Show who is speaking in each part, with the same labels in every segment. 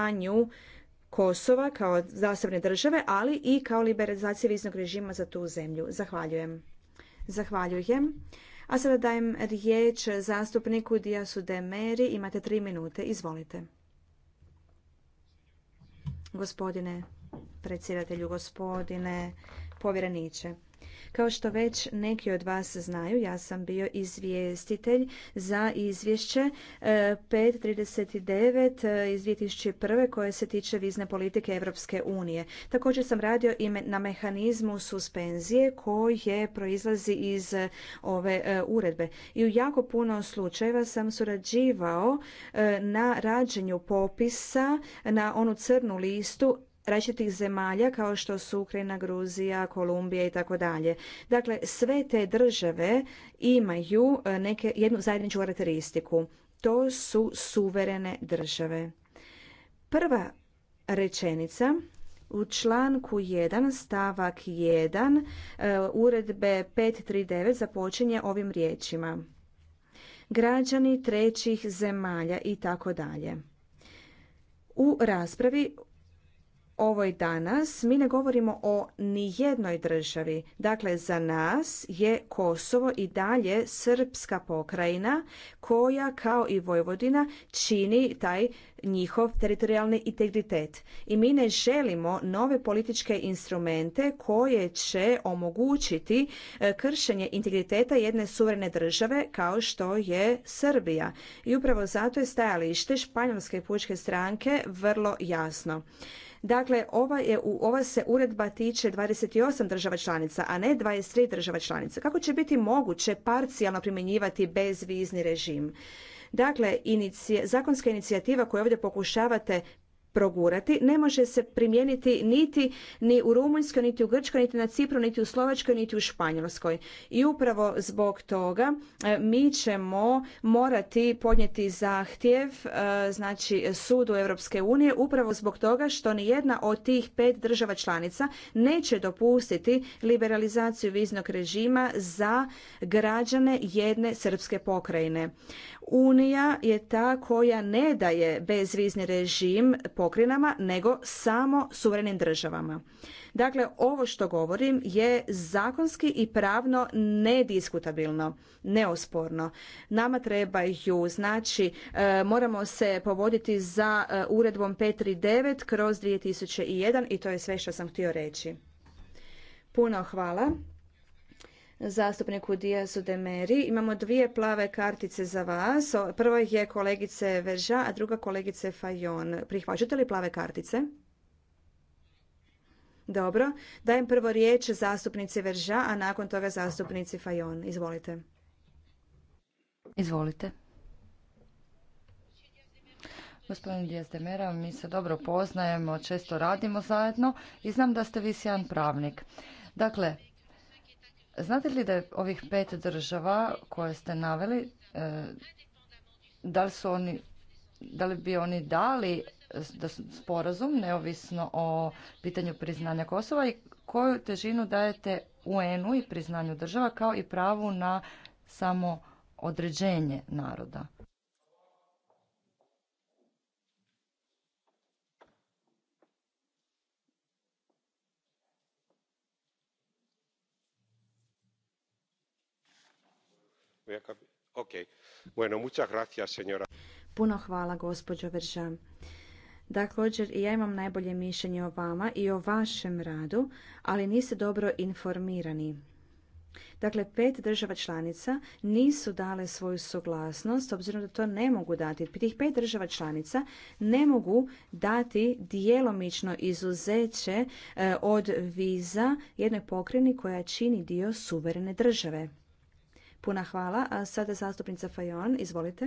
Speaker 1: priznanju Kosova kao zasebne države, ali i kao liberalizacije viznog režima za tu zemlju. Zahvaljujem. Zahvaljujem. A sada dajem riječ zastupniku Diasu de Meri. Imate tri minute. Izvolite. Gospodine predsjedatelju, gospodine povjereniče. Kao što već neki od vas znaju, ja sam bio izvjestitelj za izvješće 539 e, e, iz 2001. koje se tiče vizne politike Europske unije. Također sam radio i na mehanizmu suspenzije koje proizlazi iz e, ove uredbe. I u jako puno slučajeva sam surađivao na rađenju popisa na onu crnu listu različitih zemalja kao što su Ukrajina, Gruzija, Kolumbija i tako dalje. Dakle, sve te države imaju e, neke, jednu zajedničku karakteristiku. To su suverene države. Prva rečenica u članku 1 stavak 1 e, uredbe 539 započinje ovim riječima. Građani trećih zemalja i tako dalje. U raspravi ovoj danas mi ne govorimo o nijednoj državi. Dakle, za nas je Kosovo i dalje srpska pokrajina koja kao i Vojvodina čini taj njihov teritorijalni integritet. I mi ne želimo nove političke instrumente koje će omogućiti e, kršenje integriteta jedne suverene države kao što je Srbija. I upravo zato je stajalište Španjolske pučke stranke vrlo jasno. Dakle, ova, je, se uredba tiče 28 država članica, a ne 23 država članica. Kako će biti moguće parcijalno primjenjivati bezvizni režim? Dakle, zakonska inicijativa koju ovdje pokušavate progurati, ne može se primijeniti niti ni u Rumunjskoj, niti u Grčkoj, niti na Cipru, niti u Slovačkoj, niti u Španjolskoj. I upravo zbog toga e, mi ćemo morati podnijeti zahtjev e, znači sudu Europske unije upravo zbog toga što ni jedna od tih pet država članica neće dopustiti liberalizaciju viznog režima za građane jedne srpske pokrajine unija je ta koja ne daje bezvizni režim pokrinama, nego samo suverenim državama. Dakle, ovo što govorim je zakonski i pravno nediskutabilno, neosporno. Nama trebaju, znači, e, moramo se povoditi za e, uredbom 539 kroz 2001 i to je sve što sam htio reći. Puno hvala zastupniku Dijazu Demeri. Imamo dvije plave kartice za vas. Prva je kolegice Verža, a druga kolegice Fajon. Prihvaćate li plave kartice? Dobro. Dajem prvo riječ zastupnici Verža, a nakon toga zastupnici Fajon. Izvolite.
Speaker 2: Izvolite. Gospodin Demera, mi se dobro poznajemo, često radimo zajedno i znam da ste vi sjajan pravnik. Dakle, Znate li da je ovih pet država koje ste naveli, e, da li su oni, da li bi oni dali da su sporazum neovisno o pitanju priznanja Kosova i koju težinu dajete UN-u i priznanju država kao i pravu na samo određenje naroda?
Speaker 1: Puno hvala, gospođo Veržan. Također, i ja imam najbolje mišljenje o vama i o vašem radu, ali niste dobro informirani. Dakle, pet država članica nisu dale svoju suglasnost, obzirom da to ne mogu dati. Tih pet država članica ne mogu dati dijelomično izuzeće eh, od viza jednoj pokreni koja čini dio suverene države. Puna hvala. A sada zastupnica Fajon, izvolite.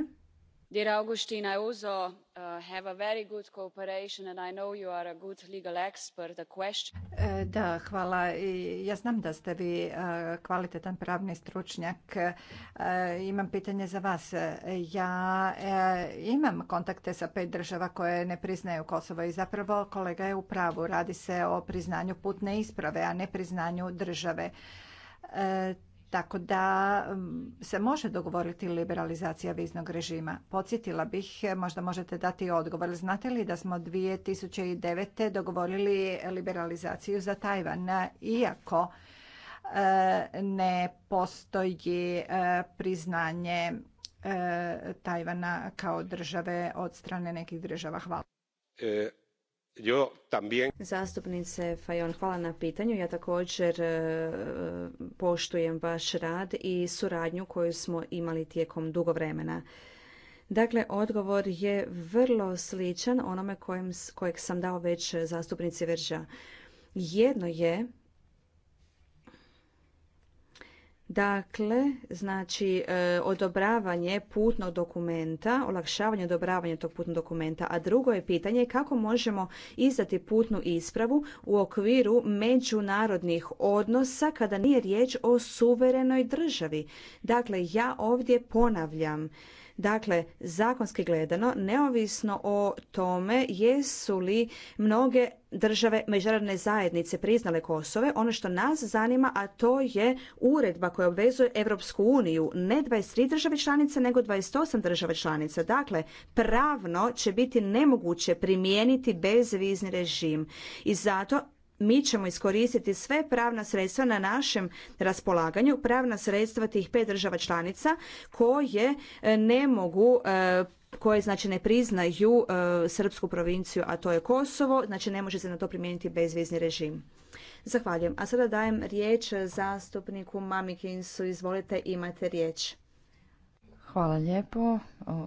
Speaker 3: Dear Augustine, I also uh, have a very good cooperation and I know you are a good legal expert. question...
Speaker 4: E, da, hvala. Ja znam da ste vi uh, kvalitetan pravni stručnjak. E, imam pitanje za vas. E, ja imam kontakte sa pet država koje ne priznaju Kosovo i zapravo kolega je u pravu. Radi se o priznanju putne isprave, a ne priznanju države tako da mm, se može dogovoriti liberalizacija viznog režima. Podsjetila bih, možda možete dati odgovor. Znate li da smo 2009. dogovorili liberalizaciju za Tajvan, iako e, ne postoji e, priznanje e,
Speaker 1: Tajvana kao države od strane nekih država? Hvala. Zastupnice Fajon, hvala na pitanju. Ja također e, poštujem vaš rad i suradnju koju smo imali tijekom dugo vremena. Dakle, odgovor je vrlo sličan onome kojeg sam dao već zastupnici Verža. Jedno je Dakle, znači e, odobravanje putnog dokumenta, olakšavanje odobravanja tog putnog dokumenta, a drugo je pitanje kako možemo izdati putnu ispravu u okviru međunarodnih odnosa kada nije riječ o suverenoj državi. Dakle, ja ovdje ponavljam Dakle, zakonski gledano, neovisno o tome jesu li mnoge države međunarodne zajednice priznale Kosove, ono što nas zanima, a to je uredba koja obvezuje Europsku uniju, ne 23 države članice, nego 28 država članica. Dakle, pravno će biti nemoguće primijeniti bezvizni režim. I zato mi ćemo iskoristiti sve pravna sredstva na našem raspolaganju, pravna sredstva tih pet država članica koje e, ne mogu e, koje znači ne priznaju e, srpsku provinciju, a to je Kosovo, znači ne može se na to primijeniti bezvizni režim. Zahvaljujem. A sada dajem riječ zastupniku Mamikinsu. Izvolite, imate riječ.
Speaker 2: Hvala lijepo,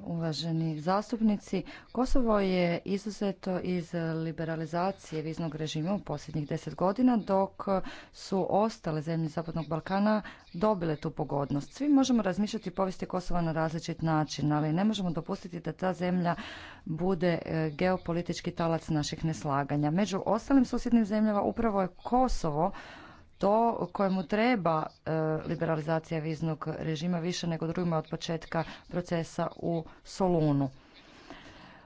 Speaker 2: uvaženi zastupnici. Kosovo je izuzeto iz liberalizacije viznog režima u posljednjih deset godina, dok su ostale zemlje Zapadnog Balkana dobile tu pogodnost. Svi možemo razmišljati povijesti Kosova na različit način, ali ne možemo dopustiti da ta zemlja bude e, geopolitički talac naših neslaganja. Među ostalim susjednim zemljama upravo je Kosovo to kojemu treba e, liberalizacija viznog režima više nego drugima od početka procesa u Solunu.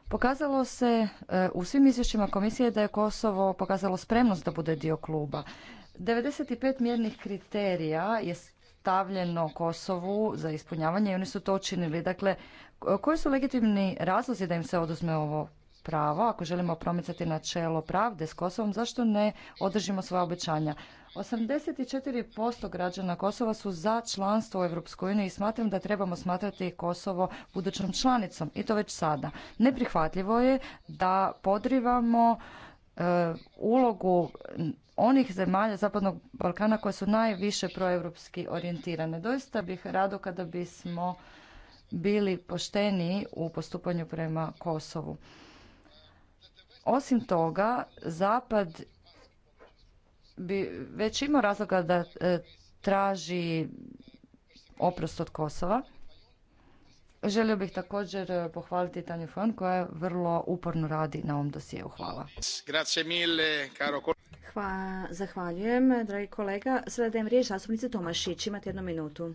Speaker 2: Pokazalo se e, u svim izvješćima komisije da je Kosovo pokazalo spremnost da bude dio kluba. 95 mjernih kriterija je stavljeno Kosovu za ispunjavanje i oni su to učinili. Dakle, koji su legitimni razlozi da im se oduzme ovo pravo. ako želimo promicati načelo pravde s Kosovom, zašto ne održimo svoja obećanja? 84% građana Kosova su za članstvo u EU i smatram da trebamo smatrati Kosovo budućom članicom i to već sada. Neprihvatljivo je da podrivamo e, ulogu onih zemalja Zapadnog Balkana koje su najviše proevropski orijentirane. Doista bih rado kada bismo bili pošteniji u postupanju prema Kosovu. Osim toga, Zapad bi već imao razloga da e, traži oprost od Kosova. Želio bih također e, pohvaliti Tanju Fon koja je vrlo uporno radi na ovom dosijeu. Hvala. Hva, zahvaljujem, dragi kolega.
Speaker 1: Sada dajem riječ zastupnici Tomašić. Imate jednu minutu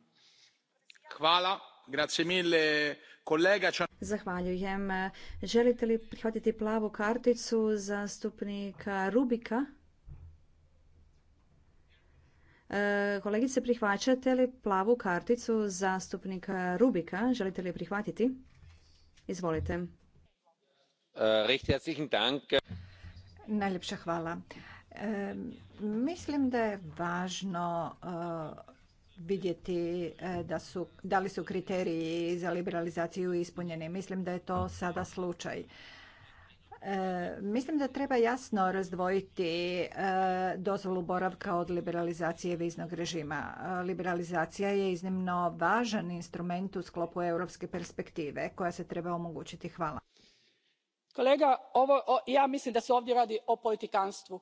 Speaker 5: Hvala.
Speaker 1: Zahvaljujem. Želite li prihvatiti plavu karticu zastupnika Rubika? E, kolegice, prihvaćate li plavu karticu zastupnika Rubika? Želite li je prihvatiti? Izvolite.
Speaker 6: E,
Speaker 4: Najljepša hvala. E, mislim da je važno vidjeti e, da, su, da li su kriteriji za liberalizaciju ispunjeni. Mislim da je to sada slučaj. E, mislim da treba jasno razdvojiti e, dozvolu boravka od liberalizacije viznog režima. Liberalizacija je iznimno važan instrument u sklopu europske perspektive koja se treba omogućiti. Hvala.
Speaker 7: Kolega, ja mislim da se ovdje radi o politikanstvu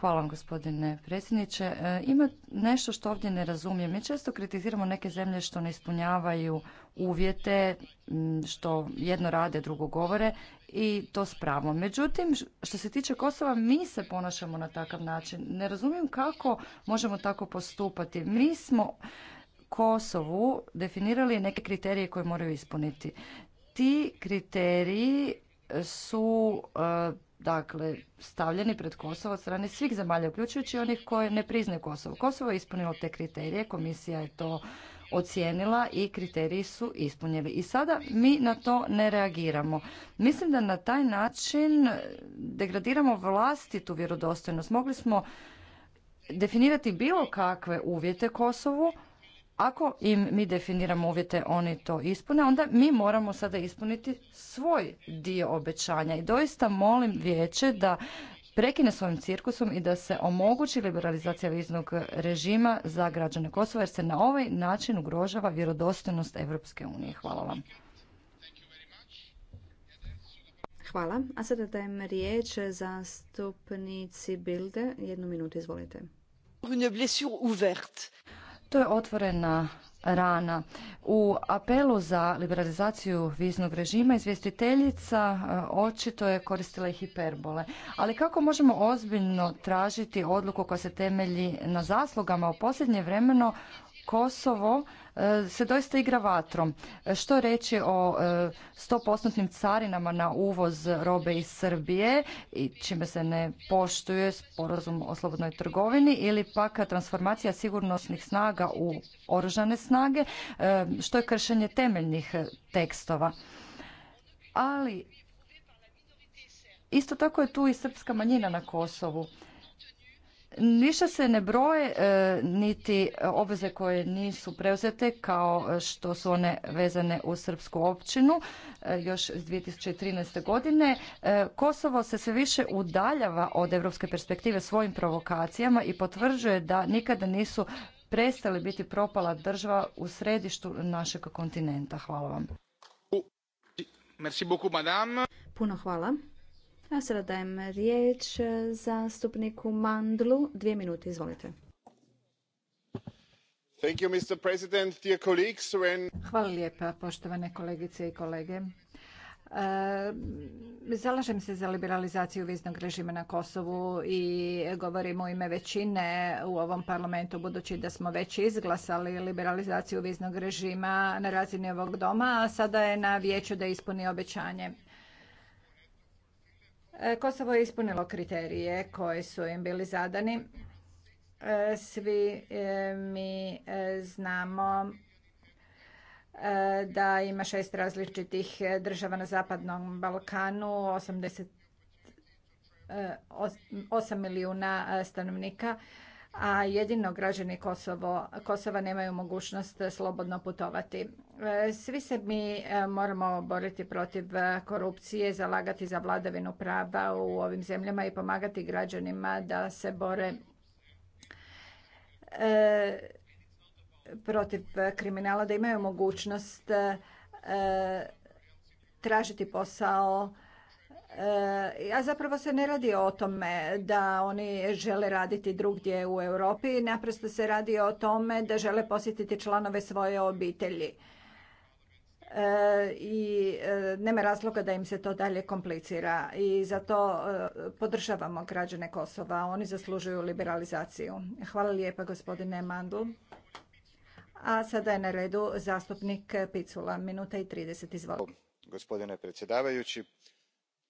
Speaker 2: Hvala vam gospodine predsjedniče. E, ima nešto što ovdje ne razumijem. Mi često kritiziramo neke zemlje što ne ispunjavaju uvjete, što jedno rade, drugo govore i to s pravom. Međutim, što se tiče Kosova, mi se ponašamo na takav način. Ne razumijem kako možemo tako postupati. Mi smo Kosovu definirali neke kriterije koje moraju ispuniti. Ti kriteriji su e, dakle stavljeni pred Kosovo od strane svih zemalja, uključujući onih koje ne priznaju Kosovo. Kosovo je ispunilo te kriterije, komisija je to ocijenila i kriteriji su ispunjeni. I sada mi na to ne reagiramo. Mislim da na taj način degradiramo vlastitu vjerodostojnost. Mogli smo definirati bilo kakve uvjete Kosovu, ako im mi definiramo uvjete, oni to ispune, onda mi moramo sada ispuniti svoj dio obećanja. I doista molim vijeće da prekine svojim cirkusom i da se omogući liberalizacija viznog režima za građane Kosova jer se na ovaj način ugrožava vjerodostojnost Europske unije. Hvala vam.
Speaker 1: Hvala. A sada dajem riječ zastupnici Bilde.
Speaker 2: Jednu minutu, izvolite. Une to je otvorena rana. U apelu za liberalizaciju viznog režima izvjestiteljica e, očito je koristila i hiperbole. Ali kako možemo ozbiljno tražiti odluku koja se temelji na zaslugama? U posljednje vremeno Kosovo e, se doista igra vatrom. E, što reći o 100% e, carinama na uvoz robe iz Srbije i čime se ne poštuje sporazum o slobodnoj trgovini ili pak transformacija sigurnosnih snaga u oružane snage, što je kršenje temeljnih tekstova. Ali isto tako je tu i srpska manjina na Kosovu Ništa se ne broje e, niti obveze koje nisu preuzete kao što su one vezane u srpsku općinu e, još iz 2013. godine. E, Kosovo se sve više udaljava od europske perspektive svojim provokacijama i potvrđuje da nikada nisu prestali biti propala država u središtu našeg kontinenta. Hvala vam.
Speaker 1: Puno hvala. A sada dajem riječ e, zastupniku Mandlu. Dvije minute, izvolite.
Speaker 4: Hvala lijepa, poštovane kolegice i kolege. E, zalažem se za liberalizaciju viznog režima na Kosovu i govorim u ime većine u ovom parlamentu budući da smo već izglasali liberalizaciju viznog režima na razini ovog doma, a sada je na vijeću da ispuni obećanje. E, Kosovo je ispunilo kriterije koji su im bili zadani. E, svi e, mi znamo da ima šest različitih država na Zapadnom Balkanu, 80, 8 milijuna stanovnika a jedino građani Kosovo, Kosova nemaju mogućnost slobodno putovati. E, svi se mi e, moramo boriti protiv e, korupcije, zalagati za vladavinu prava u ovim zemljama i pomagati građanima da se bore protiv kriminala, da imaju mogućnost tražiti posao E, a zapravo se ne radi o tome da oni žele raditi drugdje u Europi, naprosto se radi o tome da žele posjetiti članove svoje obitelji. E, I e, nema razloga da im se to dalje komplicira i zato podržavamo građane Kosova. Oni zaslužuju liberalizaciju. Hvala lijepa gospodine Mandu. A sada je na redu zastupnik Picula. Minuta i 30, izvolite.
Speaker 6: Gospodine predsjedavajući,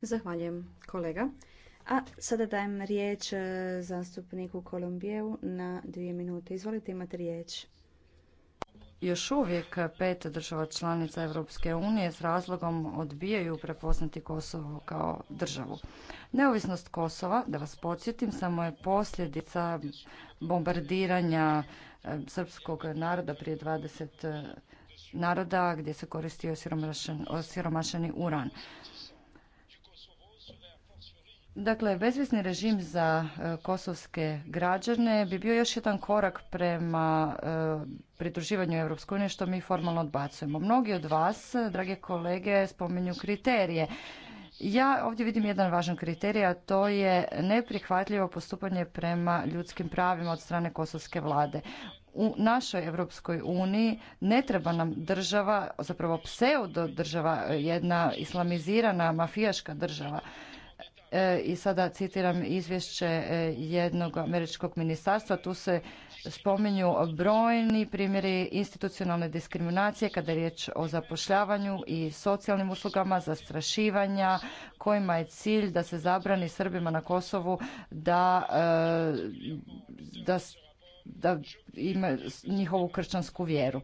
Speaker 1: Zahvaljujem kolega. A sada dajem riječ e, zastupniku Kolumbijevu na dvije minute. Izvolite, imate riječ.
Speaker 2: Još uvijek pet država članica Europske unije s razlogom odbijaju prepoznati Kosovo kao državu. Neovisnost Kosova, da vas podsjetim, samo je posljedica bombardiranja e, srpskog naroda prije 20 e, naroda gdje se koristio osiromašeni uran. Dakle, bezvisni režim za e, kosovske građane bi bio još jedan korak prema e, pridruživanju EU što mi formalno odbacujemo. Mnogi od vas, e, drage kolege, spominju kriterije. Ja ovdje vidim jedan važan kriterij, a to je neprihvatljivo postupanje prema ljudskim pravima od strane kosovske vlade. U našoj Europskoj uniji ne treba nam država, zapravo pseudo država, jedna islamizirana mafijaška država E, i sada citiram izvješće e, jednog američkog ministarstva, tu se spominju brojni primjeri institucionalne diskriminacije kada je riječ o zapošljavanju i socijalnim uslugama, zastrašivanja, kojima je cilj da se zabrani Srbima na Kosovu da, e, da, ima njihovu kršćansku vjeru.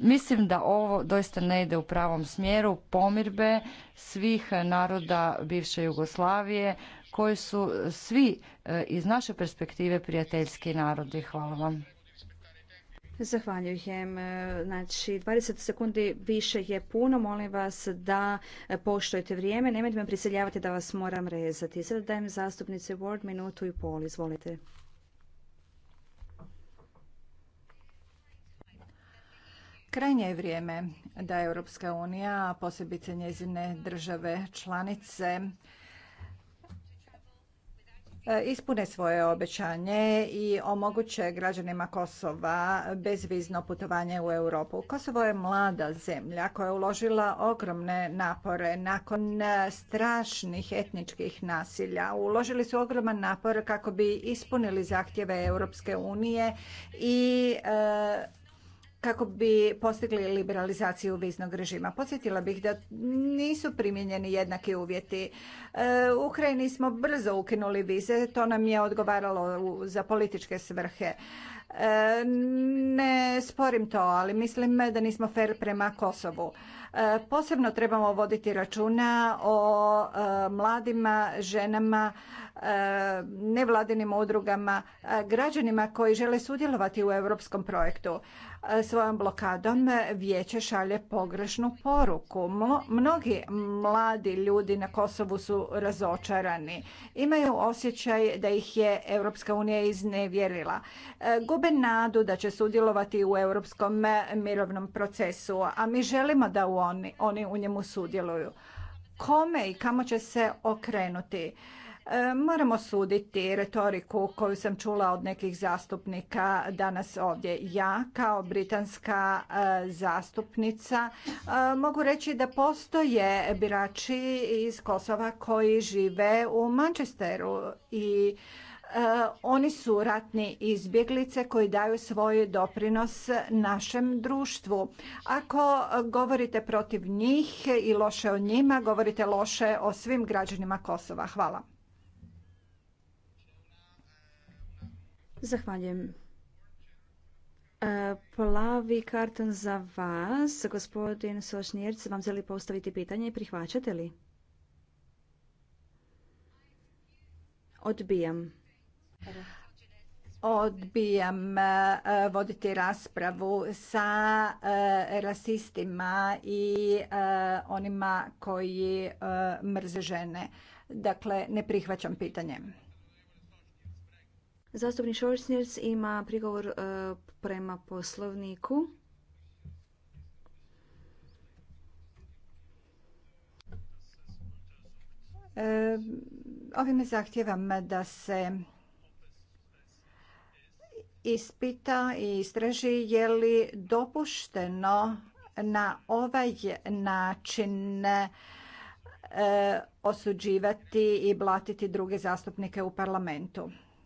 Speaker 2: Mislim da ovo doista ne ide u pravom smjeru pomirbe svih naroda bivše Jugoslavije koji su svi e, iz naše perspektive prijateljski narodi. Hvala vam.
Speaker 1: Zahvaljujem. E, znači, 20 sekundi više je puno. Molim vas da poštujete vrijeme. Nemojte me prisiljavati da vas moram rezati. Sada dajem zastupnici Word minutu i pol. Izvolite.
Speaker 4: Krajnje je vrijeme da Europska unija, a posebice njezine države članice, e, ispune svoje obećanje i omoguće građanima Kosova bezvizno putovanje u Europu. Kosovo je mlada zemlja koja je uložila ogromne napore nakon strašnih etničkih nasilja. Uložili su ogroman napor kako bi ispunili zahtjeve Europske unije i e, kako bi postigli liberalizaciju viznog režima. Podsjetila bih da nisu primjenjeni jednaki uvjeti. E, u Ukrajini smo brzo ukinuli vize, to nam je odgovaralo za političke svrhe. E, ne sporim to, ali mislim da nismo fer prema Kosovu. E, posebno trebamo voditi računa o mladima, ženama E, nevladinim udrugama, e, građanima koji žele sudjelovati u europskom projektu. E, svojom blokadom vijeće šalje pogrešnu poruku. Mnogi mladi ljudi na Kosovu su razočarani. Imaju osjećaj da ih je Europska unija iznevjerila. Gube nadu da će sudjelovati u europskom mirovnom procesu, a mi želimo da oni, oni u njemu sudjeluju. Kome i kamo će se okrenuti? E, moramo suditi retoriku koju sam čula od nekih zastupnika danas ovdje. Ja kao britanska e, zastupnica e, mogu reći da postoje birači iz Kosova koji žive u Manchesteru i oni su ratni izbjeglice koji daju svoj doprinos našem društvu. Ako govorite protiv njih i loše o njima, govorite loše o svim građanima Kosova. Hvala.
Speaker 1: Zahvaljujem. E, plavi karton za vas. Gospodin Sošnjerc vam želi postaviti pitanje i prihvaćate li? Odbijam.
Speaker 4: Odbijam e, voditi raspravu sa e, rasistima i onima koji mrze žene. Dakle, ne prihvaćam pitanje.
Speaker 1: Zastupnik Šorsnjec ima prigovor e, prema poslovniku.
Speaker 4: E, ovime zahtijevam da se ispita i istraži je li dopušteno na ovaj način e, osuđivati i blatiti druge zastupnike u parlamentu.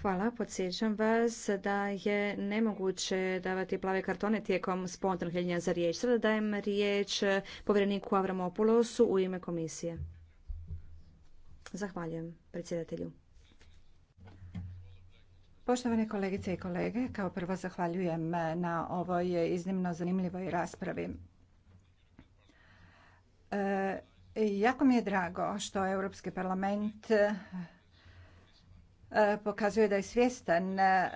Speaker 1: Hvala, podsjećam vas da je nemoguće davati plave kartone tijekom spontanog za riječ. Sada dajem riječ povjereniku avramopoulosu u ime komisije. Zahvaljujem predsjedatelju. Poštovane
Speaker 4: kolegice i kolege, kao prvo zahvaljujem na ovoj iznimno zanimljivoj raspravi. E, Jako mi je drago što Europski parlament e, e, pokazuje da je svjestan e,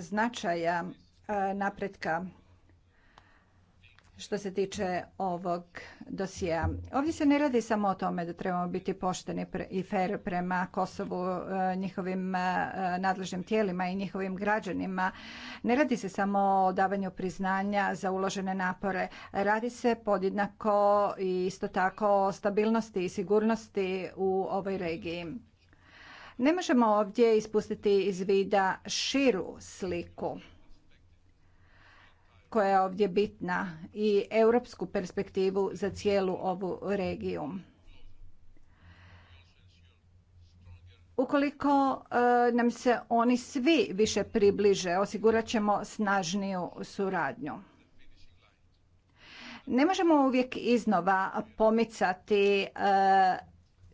Speaker 4: značaja napretka što se tiče ovog dosija. Ovdje se ne radi samo o tome da trebamo biti pošteni i fer prema Kosovu, e, njihovim e, nadležnim tijelima i njihovim građanima. Ne radi se samo o davanju priznanja za uložene napore. Radi se podjednako i isto tako o stabilnosti i sigurnosti u ovoj regiji. Ne možemo ovdje ispustiti iz vida širu sliku koja je ovdje bitna i europsku perspektivu za cijelu ovu regiju. Ukoliko e, nam se oni svi više približe, osigurat ćemo snažniju suradnju. Ne možemo uvijek iznova pomicati e,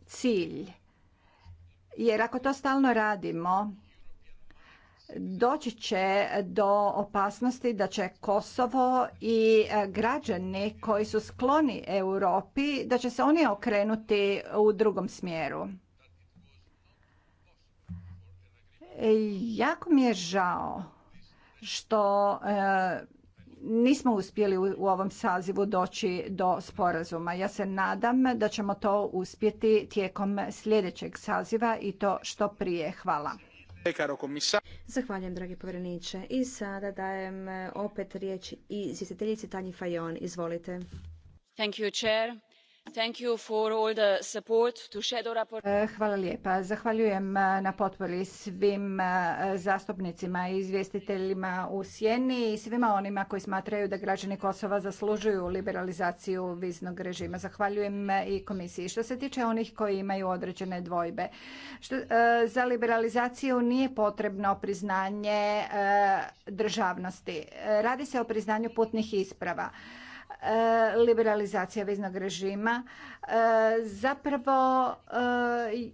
Speaker 4: cilj, jer ako to stalno radimo, doći će do opasnosti da će Kosovo i e, građani koji su skloni Europi, da će se oni okrenuti u drugom smjeru. E, jako mi je žao što e, nismo uspjeli u ovom sazivu doći do sporazuma. Ja se nadam da ćemo to uspjeti tijekom
Speaker 1: sljedećeg saziva i to što prije. Hvala. Zahvaljujem, dragi povjereniče. I sada dajem eh, opet riječ i izvjestiteljici Tanji Fajon. Izvolite. Thank you, E,
Speaker 4: hvala lijepa. Zahvaljujem e, na potpori svim e, zastupnicima i izvjestiteljima u Sjeni i svima onima koji smatraju da građani Kosova zaslužuju liberalizaciju viznog režima. Zahvaljujem i komisiji. Što se tiče onih koji imaju određene dvojbe, za liberalizaciju nije potrebno priznanje državnosti. Radi se o priznanju putnih isprava. E, liberalizacija viznog režima e, zapravo e,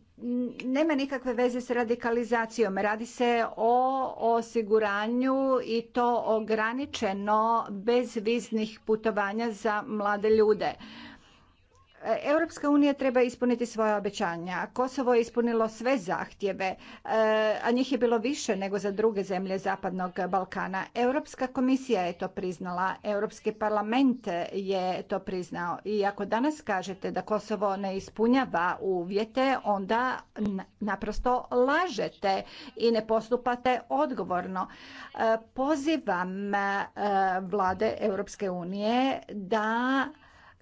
Speaker 4: nema nikakve veze s radikalizacijom. Radi se o osiguranju i to ograničeno bez viznih putovanja za mlade ljude. Europska unija treba ispuniti svoje obećanja. Kosovo je ispunilo sve zahtjeve, e, a njih je bilo više nego za druge zemlje Zapadnog Balkana. Europska komisija je to priznala, Europski parlament je to priznao. I ako danas kažete da Kosovo ne ispunjava uvjete, onda naprosto lažete i ne postupate odgovorno. E, pozivam e, vlade Europske unije da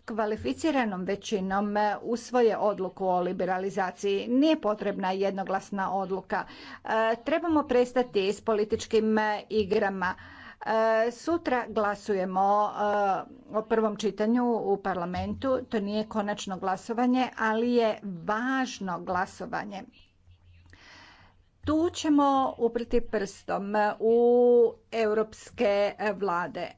Speaker 4: kvalificiranom većinom e, usvoje odluku o liberalizaciji. Nije potrebna jednoglasna odluka. E, trebamo prestati s političkim e, igrama. Sutra glasujemo o prvom čitanju u parlamentu. To nije konačno glasovanje, ali je važno glasovanje tu ćemo upriti prstom u europske vlade.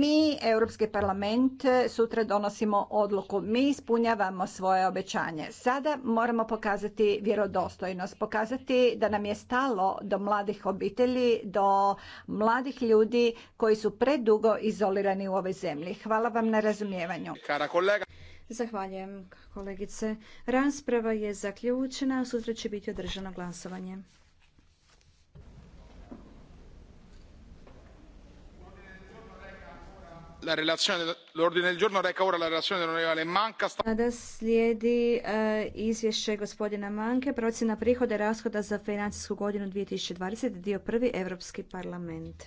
Speaker 4: Mi, Europski parlament, sutra donosimo odluku. Mi ispunjavamo svoje obećanje. Sada moramo pokazati vjerodostojnost, pokazati da nam je stalo do mladih obitelji, do mladih ljudi koji su predugo izolirani u ovoj zemlji. Hvala vam na
Speaker 1: razumijevanju. Zahvaljujem kolegice. Rasprava je zaključena. Sutra će biti održano glasovanje. slijedi eh, izvješće gospodina Manke, procjena prihoda i rashoda za financijsku godinu 2020, dio prvi, Europski parlament.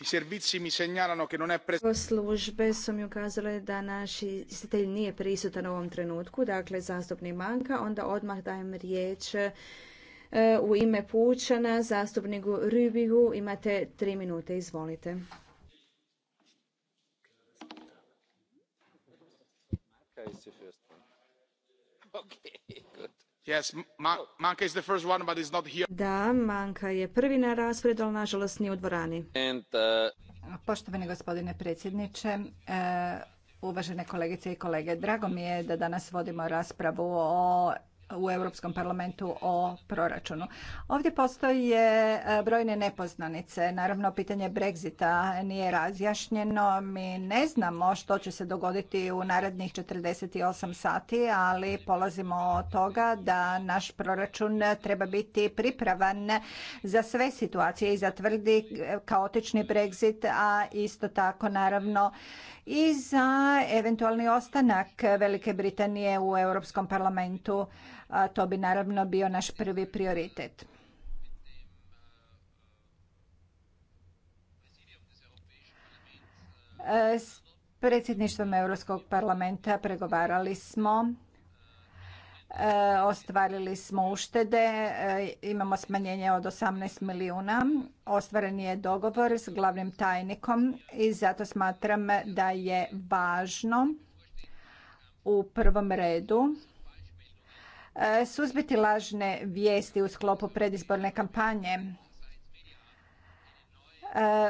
Speaker 5: I servizi mi segnalano che non è
Speaker 1: Službe su mi ukazale da naš izvjestitelj nije prisutan u ovom trenutku, dakle zastupnik Manka, onda odmah dajem riječ e, u ime Pučana, zastupniku Rubigu, imate tri minute, izvolite. Da, Manka je prvi na rasporedu, ali nažalost nije u dvorani.
Speaker 5: Uh,
Speaker 4: Poštovani gospodine predsjedniče, e, uvažene kolegice i kolege, drago mi je da danas vodimo raspravu o u Europskom parlamentu o proračunu. Ovdje postoje e, brojne nepoznanice. Naravno, pitanje Brexita nije razjašnjeno. Mi ne znamo što će se dogoditi u narednih 48 sati, ali polazimo od toga da naš proračun treba biti pripravan za sve situacije i za tvrdi kaotični Brexit, a isto tako naravno i za eventualni ostanak Velike Britanije u Europskom parlamentu. To bi naravno bio naš prvi prioritet. E, s predsjedništvom Europskog parlamenta pregovarali smo E, ostvarili smo uštede, e, imamo smanjenje od 18 milijuna. Ostvaren je dogovor s glavnim tajnikom i zato smatram da je važno u prvom redu e, suzbiti lažne vijesti u sklopu predizborne kampanje.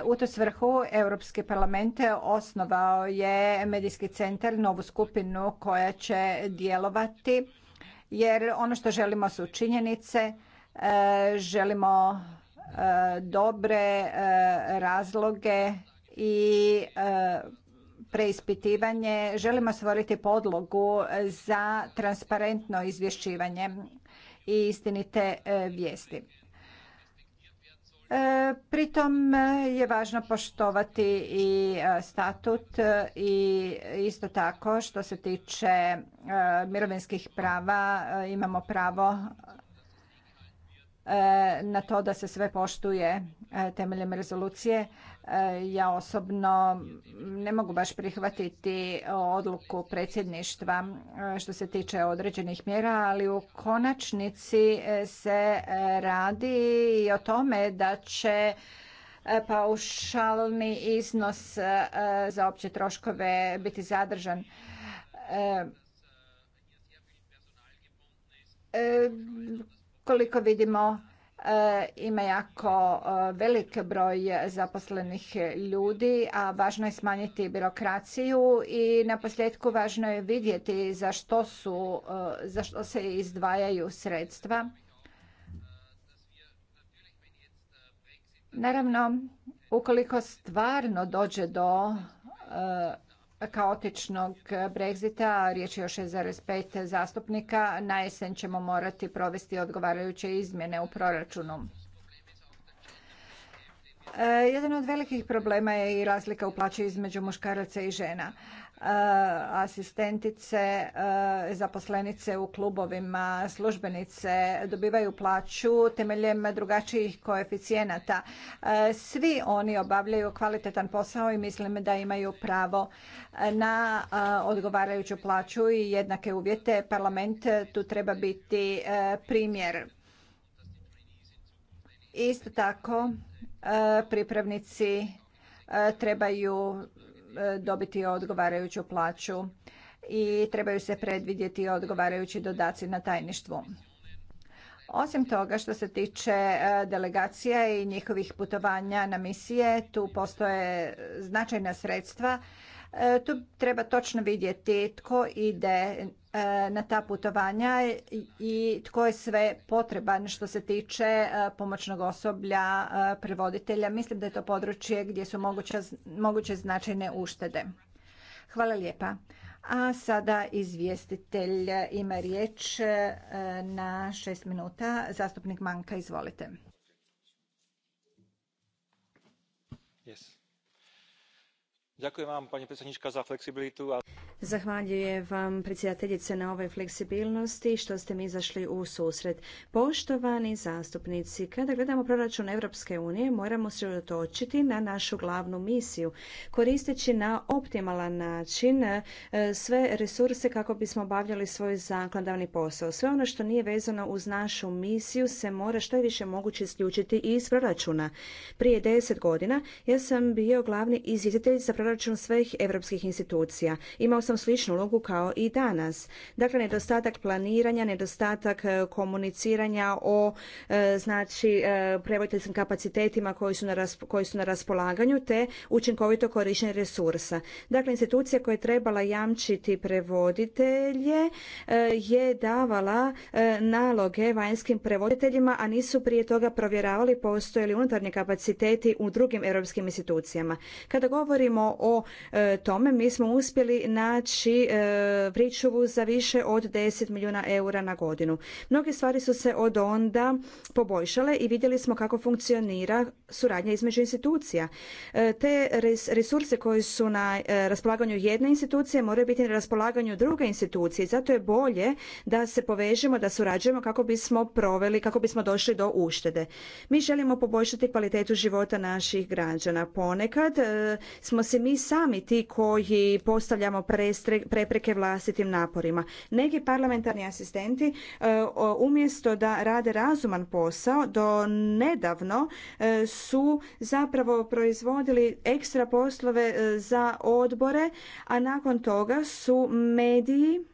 Speaker 4: U tu svrhu Europski parlament osnovao je medijski centar, novu skupinu koja će djelovati jer ono što želimo su činjenice, e, želimo e, dobre e, razloge i preispitivanje. Želimo stvoriti podlogu za transparentno izvješćivanje i istinite vijesti. E, pritom je važno poštovati i e, statut i isto tako što se tiče e, mirovinskih prava imamo pravo na to da se sve poštuje temeljem rezolucije. E, ja osobno ne mogu baš prihvatiti odluku predsjedništva e, što se tiče određenih mjera, ali u konačnici e, se radi i o tome da će paušalni iznos za opće troškove biti zadržan. Koliko vidimo, E, ima jako e, velik broj zaposlenih ljudi, a važno je smanjiti birokraciju i na posljedku važno je vidjeti za što, su, e, za što se izdvajaju sredstva. Naravno, ukoliko stvarno dođe do kaotičnog Brexita, riječ je o 6,5 zastupnika, na jesen ćemo morati provesti odgovarajuće izmjene u proračunu. E, jedan od velikih problema je i razlika u plaći između muškaraca i žena. E, asistentice, e, zaposlenice u klubovima, službenice dobivaju plaću temeljem drugačijih koeficijenata. E, svi oni obavljaju kvalitetan posao i mislim da imaju pravo na odgovarajuću plaću i jednake uvjete. Parlament tu treba biti primjer. Isto tako, pripravnici trebaju E, dobiti odgovarajuću plaću i trebaju se predvidjeti odgovarajući dodaci na tajništvu. Osim toga što se tiče e, delegacija i njihovih putovanja na misije, tu postoje značajna sredstva. E, tu treba točno vidjeti tko ide E, na ta putovanja i tko je sve potreban što se tiče e, pomoćnog osoblja, e, prevoditelja. Mislim da je to područje gdje su moguće, značajne uštede. Hvala lijepa. A sada izvjestitelj ima riječ na šest minuta. Zastupnik Manka, izvolite
Speaker 6: pani za fleksibilitu.
Speaker 1: Zahvaljujem vam, predsjedateljice, na ovoj fleksibilnosti što ste mi izašli u susret. Poštovani zastupnici, kada gledamo proračun Europske unije, moramo se odotočiti na našu glavnu misiju, koristeći na optimalan način e, sve resurse kako bismo obavljali svoj zakladavni posao. Sve ono što nije vezano uz našu misiju se mora što je više moguće isključiti iz proračuna. Prije deset godina ja sam bio glavni izvjetitelj za proračun svih europskih institucija. Imao sam sličnu ulogu kao i danas. Dakle, nedostatak planiranja, nedostatak e, komuniciranja o e, znači e, prevoditeljskim kapacitetima koji su, na, koji su na raspolaganju te učinkovito korištenje resursa. Dakle, institucija koja je trebala jamčiti prevoditelje je davala naloge vanjskim prevoditeljima, a nisu prije toga provjeravali postoje li unutarnji kapaciteti u drugim europskim institucijama. Kada govorimo o e, tome, mi smo uspjeli naći e, pričuvu za više od 10 milijuna eura na godinu. Mnoge stvari su se od onda poboljšale i vidjeli smo kako funkcionira suradnja između institucija. E, te resurse koji su na raspolaganju jedne institucije moraju biti na raspolaganju druge institucije. Zato je bolje da se povežemo, da surađujemo kako bismo proveli, kako bismo došli do uštede. Mi želimo poboljšati kvalitetu života naših građana. Ponekad smo se mi sami ti koji postavljamo prepreke vlastitim naporima. Neki parlamentarni asistenti e, umjesto da rade razuman posao do nedavno e, su zapravo proizvodili ekstra poslove e, za odbore, a nakon toga su mediji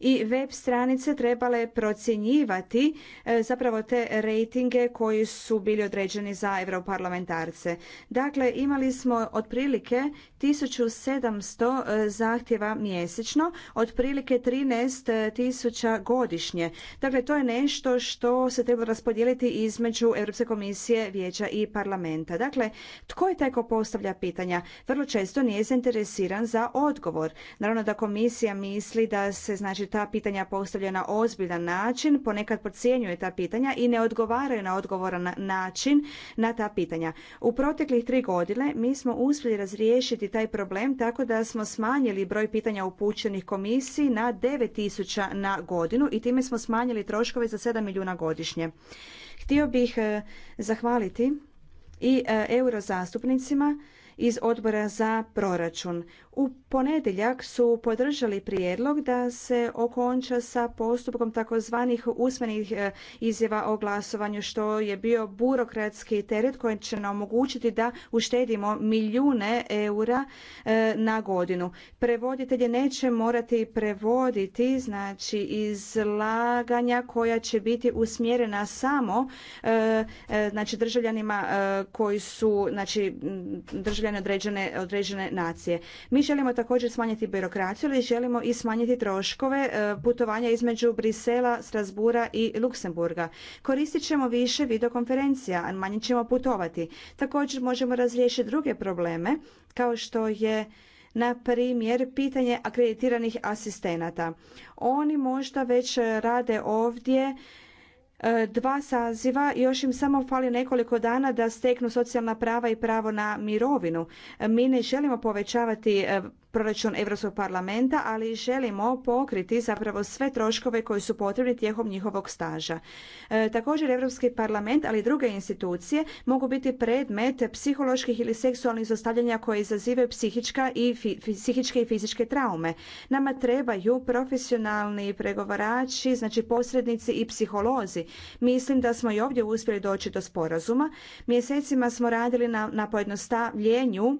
Speaker 1: i web stranice trebale procjenjivati e, zapravo te rejtinge koji su bili određeni za europarlamentarce. Dakle, imali smo otprilike 1700 e, zahtjeva mjesečno, otprilike 13.000 e, godišnje. Dakle, to je nešto što se treba raspodijeliti između Europske komisije, vijeća i parlamenta. Dakle, tko je taj ko postavlja pitanja? Vrlo često nije zainteresiran za odgovor. Naravno da komisija misli da se znači ta pitanja postavljaju na ozbiljan način, ponekad podcjenjuje ta pitanja i ne odgovaraju na odgovoran način na ta pitanja. U proteklih tri godine mi smo uspjeli razriješiti taj problem tako da smo smanjili broj pitanja upućenih komisiji na 9000 na godinu i time smo smanjili troškove za 7 milijuna godišnje. Htio bih e, zahvaliti i e, eurozastupnicima iz odbora za proračun u ponedjeljak su podržali prijedlog da se okonča sa postupkom takozvanih usmenih e, izjava o glasovanju što je bio burokratski teret koji će nam omogućiti da uštedimo milijune eura e, na godinu. Prevoditelje neće morati prevoditi znači izlaganja koja će biti usmjerena samo e, znači državljanima koji su znači državljani određene, određene nacije. Mi želimo također smanjiti birokraciju, ali želimo i smanjiti troškove e, putovanja između Brisela, Strasbura i Luksemburga. Koristit ćemo više videokonferencija, a manje ćemo putovati. Također možemo razriješiti druge probleme, kao što je na primjer pitanje akreditiranih asistenata. Oni možda već rade ovdje E, dva saziva, još im samo fali nekoliko dana da steknu socijalna prava i pravo na mirovinu. E, mi ne želimo povećavati e, proračun Europskog parlamenta, ali želimo pokriti zapravo sve troškove koji su potrebni tijekom njihovog staža. E, također Europski parlament, ali i druge institucije mogu biti predmet psiholoških ili seksualnih zlostavljanja koje izazivaju psihička i fi, psihičke i fizičke traume. Nama trebaju profesionalni pregovarači, znači posrednici i psiholozi. Mislim da smo i ovdje uspjeli doći do sporazuma. Mjesecima smo radili na, na pojednostavljenju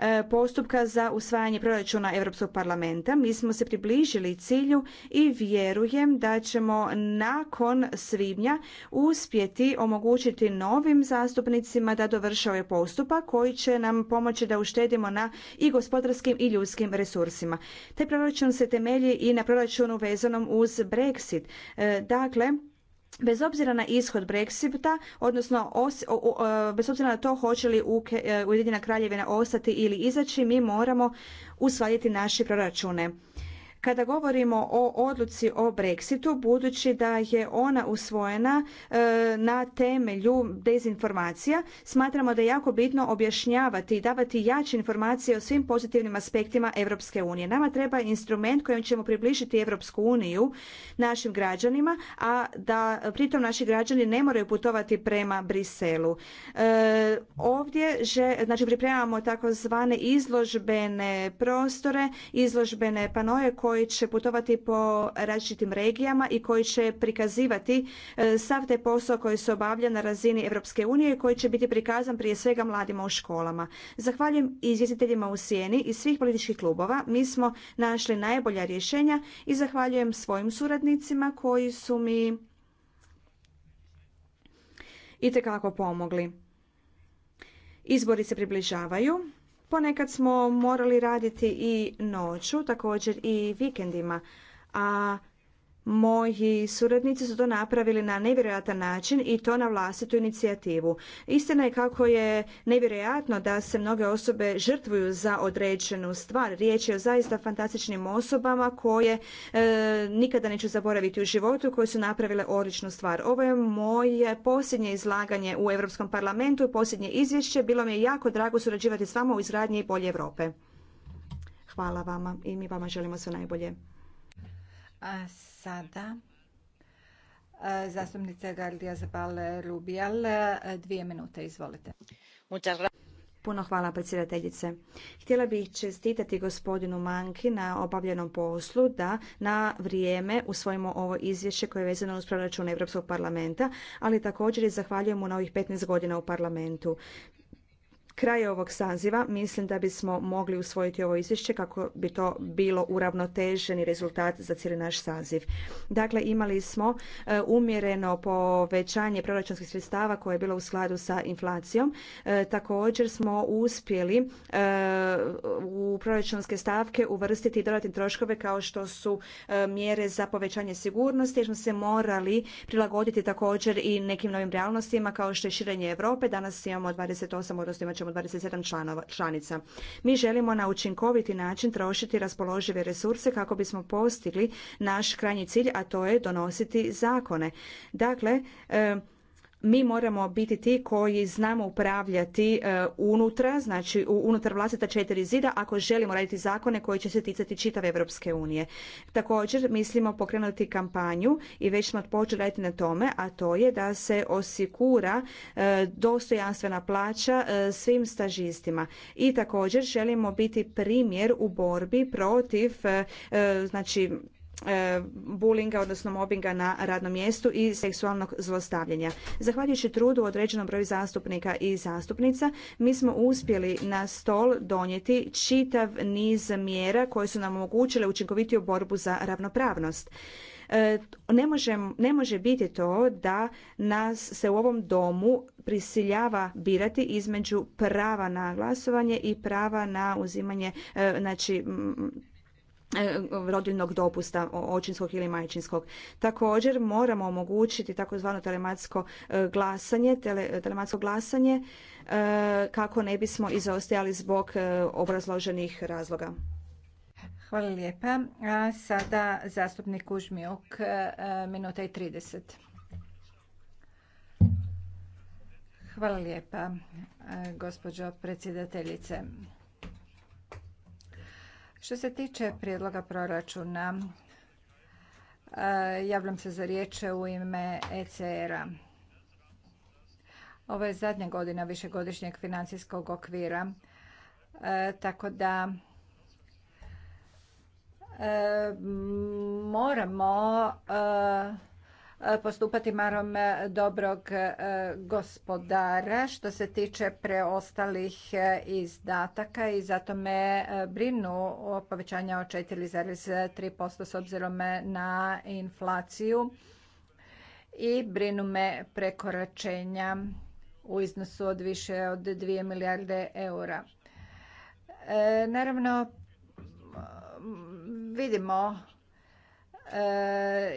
Speaker 1: E, postupka za usvajanje proračuna Europskog parlamenta. Mi smo se približili cilju i vjerujem da ćemo nakon svibnja uspjeti omogućiti novim zastupnicima da dovrše ovaj postupak koji će nam pomoći da uštedimo na i gospodarskim i ljudskim resursima. Taj proračun se temelji i na proračunu vezanom uz Brexit. E, dakle, bez obzira na ishod Brexita, odnosno e, bez obzira na to hoće li e, Ujedinjena kraljevina ostati ili izaći, mi moramo uskladiti naše proračune. Kada govorimo o odluci o Brexitu, budući da je ona usvojena e, na temelju dezinformacija, smatramo da je jako bitno objašnjavati i davati jače informacije o svim pozitivnim aspektima Europske unije. Nama treba instrument kojim ćemo približiti Europsku uniju našim građanima, a da pritom naši građani ne moraju putovati prema Briselu. E, ovdje znači pripremamo takozvane izložbene prostore, izložbene panoje koji će putovati po različitim regijama i koji će prikazivati e, sav taj posao koji se obavlja na razini Europske unije i koji će biti prikazan prije svega mladima u školama. Zahvaljujem izvjestiteljima u sjeni iz svih političkih klubova. Mi smo našli najbolja rješenja i zahvaljujem svojim suradnicima koji su mi itekako pomogli. Izbori se približavaju. Ponekad smo morali raditi i noću, također i vikendima, a Moji suradnici su to napravili na nevjerojatan način i to na vlastitu inicijativu. Istina je kako je nevjerojatno da se mnoge osobe žrtvuju za određenu stvar. Riječ je o zaista fantastičnim osobama koje e, nikada neću zaboraviti u životu, koje su napravile odličnu stvar. Ovo je moje posljednje izlaganje u Europskom parlamentu, posljednje izvješće. Bilo mi je jako drago surađivati s vama u izgradnji bolje Europe. Hvala vama i mi vama želimo sve najbolje
Speaker 4: sada e, zastupnica
Speaker 1: Gardija Zabal Rubijal. E, dvije minute, izvolite. Puno hvala predsjedateljice. Htjela bih čestitati gospodinu Manki na obavljenom poslu da na vrijeme usvojimo ovo izvješće koje je vezano uz proračun Europskog parlamenta, ali također i zahvaljujemo na ovih 15 godina u parlamentu kraj ovog saziva mislim da bismo mogli usvojiti ovo izvješće kako bi to bilo uravnoteženi rezultat za cijeli naš saziv. Dakle, imali smo e, umjereno povećanje proračunskih sredstava koje je bilo u skladu sa inflacijom. E, također smo uspjeli e, u proračunske stavke uvrstiti dodatne troškove kao što su mjere za povećanje sigurnosti jer smo se morali prilagoditi također i nekim novim realnostima kao što je širenje Europe. Danas imamo 28, odnosno imat ćemo 27 članica. Mi želimo na učinkoviti način trošiti raspoložive resurse kako bismo postigli naš krajnji cilj, a to je donositi zakone. Dakle, eh, mi moramo biti ti koji znamo upravljati e, unutra, znači unutar vlastita četiri zida ako želimo raditi zakone koji će se ticati čitave Europske unije. Također mislimo pokrenuti kampanju i već smo počeli raditi na tome, a to je da se osigura e, dostojanstvena plaća e, svim stažistima. I također želimo biti primjer u borbi protiv znači E, bulinga, odnosno mobinga na radnom mjestu i seksualnog zlostavljanja. Zahvaljujući trudu određenom broju zastupnika i zastupnica, mi smo uspjeli na stol donijeti čitav niz mjera koje su nam omogućile učinkovitiju borbu za ravnopravnost. E, ne može, ne može biti to da nas se u ovom domu prisiljava birati između prava na glasovanje i prava na uzimanje, e, znači E, rodiljnog dopusta očinskog ili majčinskog. Također moramo omogućiti takozvano telematsko e, glasanje, tele, telematsko glasanje e, kako ne bismo izostajali zbog obrazloženih razloga. Hvala lijepa.
Speaker 4: A sada zastupnik Kužmijuk, minuta i 30. Hvala lijepa, gospođo predsjedateljice. Što se tiče prijedloga proračuna, e, javljam se za riječ u ime ECR-a. Ovo je zadnja godina višegodišnjeg financijskog okvira, e, tako da e, moramo postupati marom e, dobrog e, gospodara što se tiče preostalih e, izdataka i zato me brinu o povećanja od 4,3% s obzirom na inflaciju i brinu me prekoračenja u iznosu od više od 2 milijarde eura. Naravno, vidimo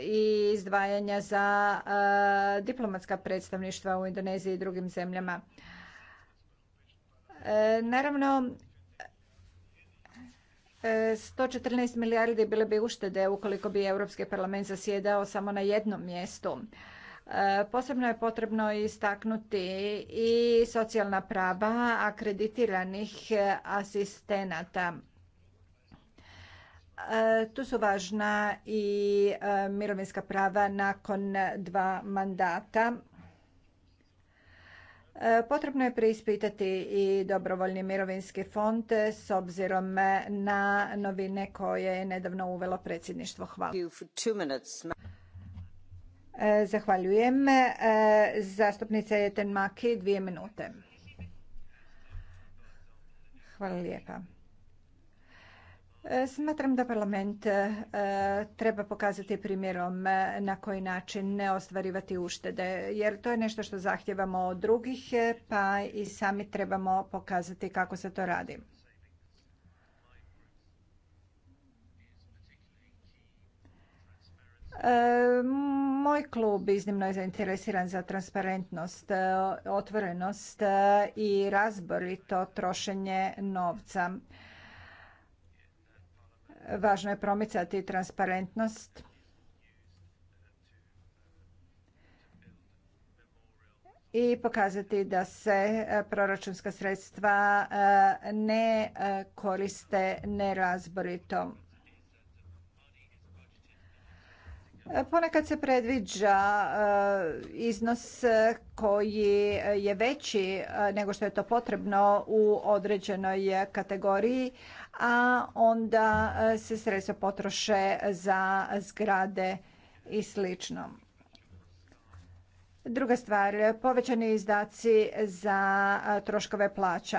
Speaker 4: i izdvajanja za e, diplomatska predstavništva u Indoneziji i drugim zemljama. E, naravno, 114 e, milijardi bile bi uštede ukoliko bi Europski parlament zasjedao samo na jednom mjestu. Posebno je potrebno istaknuti i socijalna prava akreditiranih asistenata. E, tu su važna i e, mirovinska prava nakon dva mandata. E, potrebno je preispitati i dobrovoljni mirovinski fond s obzirom na novine koje je nedavno uvelo predsjedništvo. Hvala. Zahvaljujem. Zastupnica Jeten Maki, dvije minute. Hvala lijepa. Smatram da parlament e, treba pokazati primjerom e, na koji način ne ostvarivati uštede, jer to je nešto što zahtjevamo od drugih, e, pa i sami trebamo pokazati kako se to radi. Moj klub iznimno je zainteresiran za transparentnost, otvorenost i razborito trošenje novca. Važno je promicati transparentnost. i pokazati da se e, proračunska sredstva e, ne e, koriste nerazborito. Ponekad se predviđa iznos koji je veći nego što je to potrebno u određenoj kategoriji, a onda e, se sredstva potroše za zgrade i slično. Druga stvar, povećani izdaci za e, troškove plaća.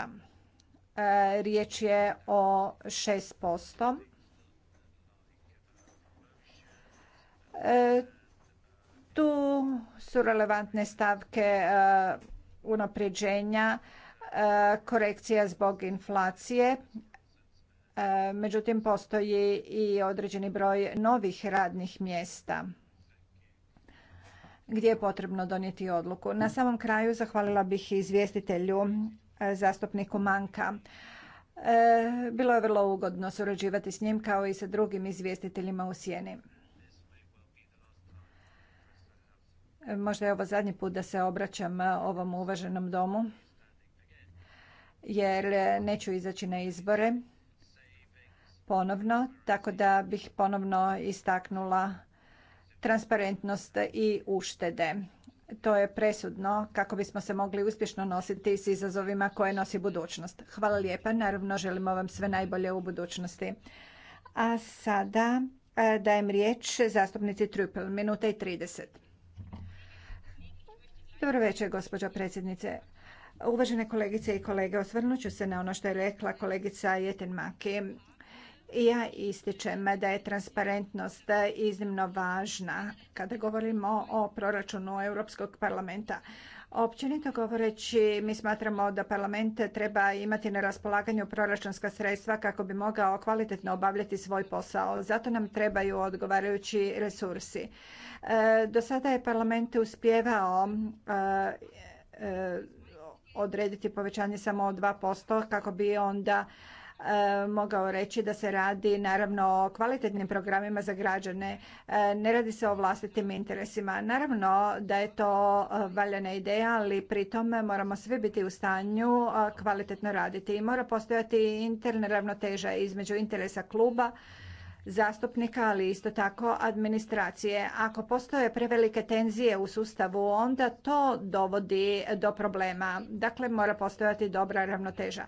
Speaker 4: E, riječ je o 6%. Tu su relevantne stavke unapređenja, korekcija zbog inflacije međutim postoji i određeni broj novih radnih mjesta gdje je potrebno donijeti odluku. Na samom kraju zahvalila bih izvjestitelju e, zastupniku Manka. E, bilo je vrlo ugodno surađivati s njim kao i sa drugim izvjestiteljima u Sjeni. Možda je ovo zadnji put da se obraćam ovom uvaženom domu, jer neću izaći na izbore ponovno, tako da bih ponovno istaknula transparentnost i uštede. To je presudno kako bismo se mogli uspješno nositi s izazovima koje nosi budućnost. Hvala lijepa, naravno želimo vam sve najbolje u budućnosti. A sada e, dajem riječ zastupnici Trupel, minuta i 30. Dobro večer, gospođo predsjednice. Uvažene kolegice i kolege, osvrnuću ću se na ono što je rekla kolegica Jeten Maki ja ističem da je transparentnost iznimno važna kada govorimo o proračunu Europskog parlamenta. Općenito govoreći, mi smatramo da parlament treba imati na raspolaganju proračunska sredstva kako bi mogao kvalitetno obavljati svoj posao. Zato nam trebaju odgovarajući resursi. E, do sada je parlament uspjevao e, e, odrediti povećanje samo od 2% kako bi onda E, mogao reći da se radi naravno o kvalitetnim programima za građane, e, ne radi se o vlastitim interesima. Naravno da je to e, valjana ideja, ali pri tome moramo svi biti u stanju kvalitetno raditi i mora postojati interna ravnoteža između interesa kluba zastupnika, ali isto tako administracije. Ako postoje prevelike tenzije u sustavu, onda to dovodi do problema. Dakle, mora postojati dobra ravnoteža.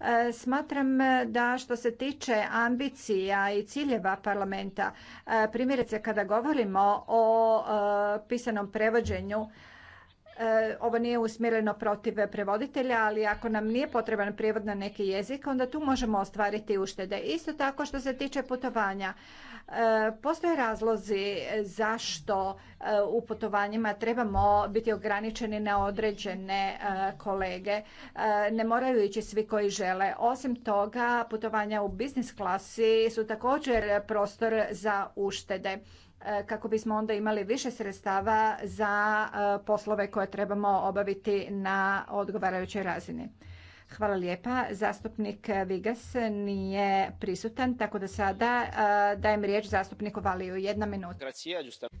Speaker 4: E, smatram da što se tiče ambicija i ciljeva parlamenta, e, primjerice kada govorimo o e, pisanom prevođenju, E, ovo nije usmjereno protiv prevoditelja, ali ako nam nije potreban prijevod na neki jezik, onda tu možemo ostvariti uštede. Isto tako što se tiče putovanja. E, postoje razlozi zašto e, u putovanjima trebamo biti ograničeni na određene kolege. Ne moraju ići svi koji žele. Osim toga, putovanja u biznis klasi su također prostor za uštede. E, kako bismo onda imali više sredstava za e, poslove koje trebamo obaviti na odgovarajućoj razini. Hvala lijepa. Zastupnik Vigas nije prisutan, tako da sada e, dajem
Speaker 1: riječ zastupniku Valiju. Jedna minuta.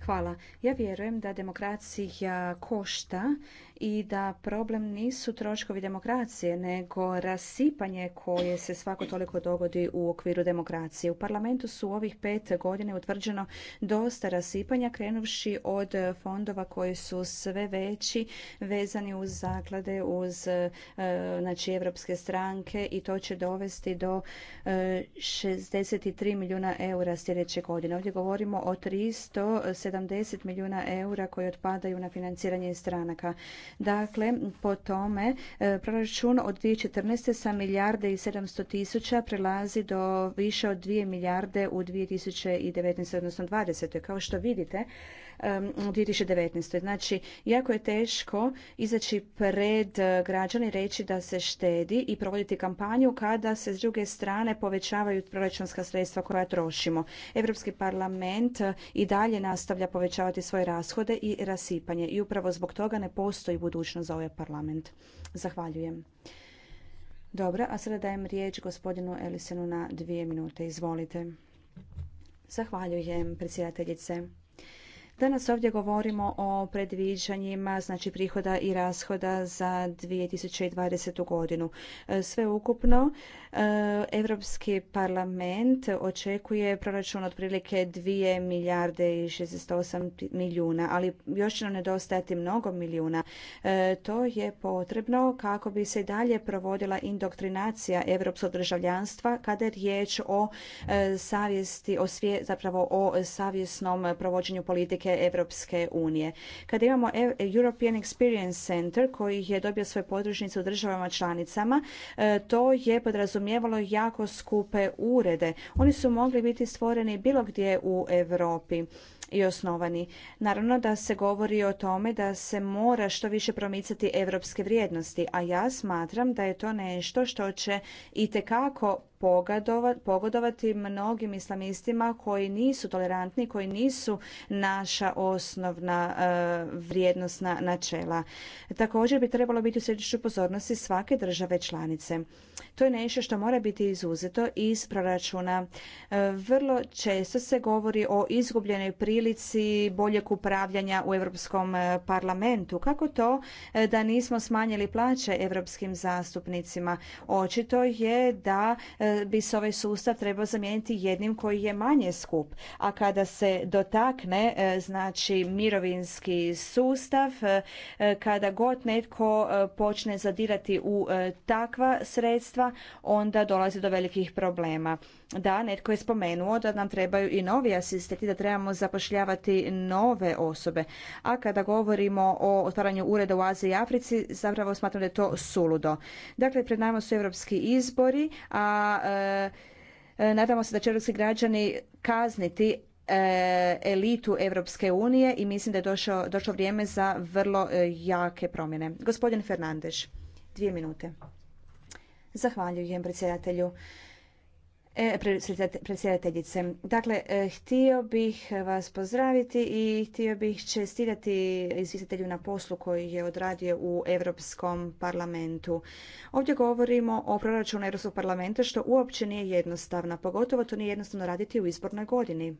Speaker 1: Hvala. Ja vjerujem da demokracija košta i da problem nisu troškovi demokracije, nego rasipanje koje se svako toliko dogodi u okviru demokracije. U parlamentu su ovih pet godina utvrđeno dosta rasipanja, krenuvši od fondova koji su sve veći, vezani uz zaklade, uz e, znači, evropske stranke i to će dovesti do 63 e, milijuna eura sljedeće godine. Ovdje govorimo o 370 milijuna eura koji otpadaju na financiranje stranaka Dakle, po tome e, proračun od 2014. sa milijarde i 700 tisuća prelazi do više od 2 milijarde u 2019. odnosno 2020. Kao što vidite, u 2019. Znači, jako je teško izaći pred eh, građani reći da se štedi i provoditi kampanju kada se s druge strane povećavaju proračunska sredstva koja trošimo. Europski parlament eh, i dalje nastavlja povećavati svoje rashode i rasipanje i upravo zbog toga ne postoji budućnost za ovaj parlament. Zahvaljujem. Dobro, a sada dajem riječ gospodinu Elisenu na dvije minute. Izvolite. Zahvaljujem, predsjedateljice. Danas ovdje govorimo o predviđanjima znači prihoda i rashoda za 2020. godinu. E, Sve ukupno Europski parlament očekuje proračun otprilike 2 milijarde i 68 milijuna, ali još će nam nedostajati mnogo milijuna. E, to je potrebno kako bi se dalje provodila indoktrinacija europskog državljanstva kada je riječ o e, savjesti, o zapravo o savjesnom provođenju politike Europske unije. Kada imamo e, European Experience Center koji je dobio svoje podružnice u državama članicama, to je podrazumijeno podrazumijevalo jako skupe urede. Oni su mogli biti stvoreni bilo gdje u Europi i osnovani. Naravno da se govori o tome da se mora što više promicati europske vrijednosti, a ja smatram da je to nešto što će i pogodovati mnogim islamistima koji nisu tolerantni, koji nisu naša osnovna e, vrijednostna načela. Također bi trebalo biti u središću pozornosti svake države članice. To je nešto što mora biti izuzeto iz proračuna. E, vrlo često se govori o izgubljenoj prilici boljeg upravljanja u Europskom e, parlamentu. Kako to da nismo smanjili plaće europskim zastupnicima? Očito je da bi se ovaj sustav trebao zamijeniti jednim koji je manje skup. A kada se dotakne e, znači mirovinski sustav, e, kada god netko e, počne zadirati u takva sredstva, onda dolazi do velikih problema. Da, netko je spomenuo da nam trebaju i novi asistenti, da trebamo zapošljavati nove osobe. A kada govorimo o otvaranju ureda u Aziji i Africi, zapravo smatram da je to suludo. Dakle, pred nama su europski izbori, a e, e, nadamo se da će europski građani kazniti e, elitu Evropske unije i mislim da je došlo, došlo vrijeme za vrlo jake promjene. Gospodin Fernandez, dvije minute. Zahvaljujem predsjedatelju. E, predsjedateljice. Dakle, e, htio bih vas pozdraviti i htio bih čestitati izvjestitelju na poslu koji je odradio u Europskom parlamentu. Ovdje govorimo o proračunu Europskog parlamenta što uopće nije jednostavno, pogotovo to nije jednostavno raditi u izbornoj godini.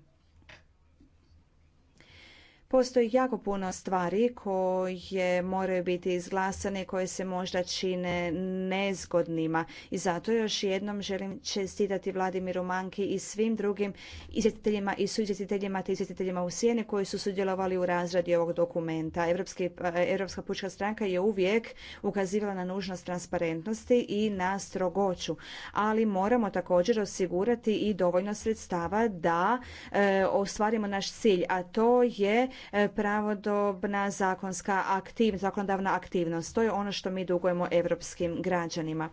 Speaker 1: Postoji jako puno stvari koje moraju biti izglasane, koje se možda čine nezgodnima. I zato još jednom želim čestitati Vladimiru Manki i svim drugim izvjetiteljima i suizvjetiteljima te izvjetiteljima u Sijeni koji su sudjelovali u razradi ovog dokumenta. Evropski, Evropska pučka stranka je uvijek ukazivala na nužnost transparentnosti i na strogoću, ali moramo također osigurati i dovoljno sredstava da e, ostvarimo naš cilj, a to je E, pravodobna zakonska aktiv, zakonodavna aktivnost. To je ono što mi dugujemo europskim građanima.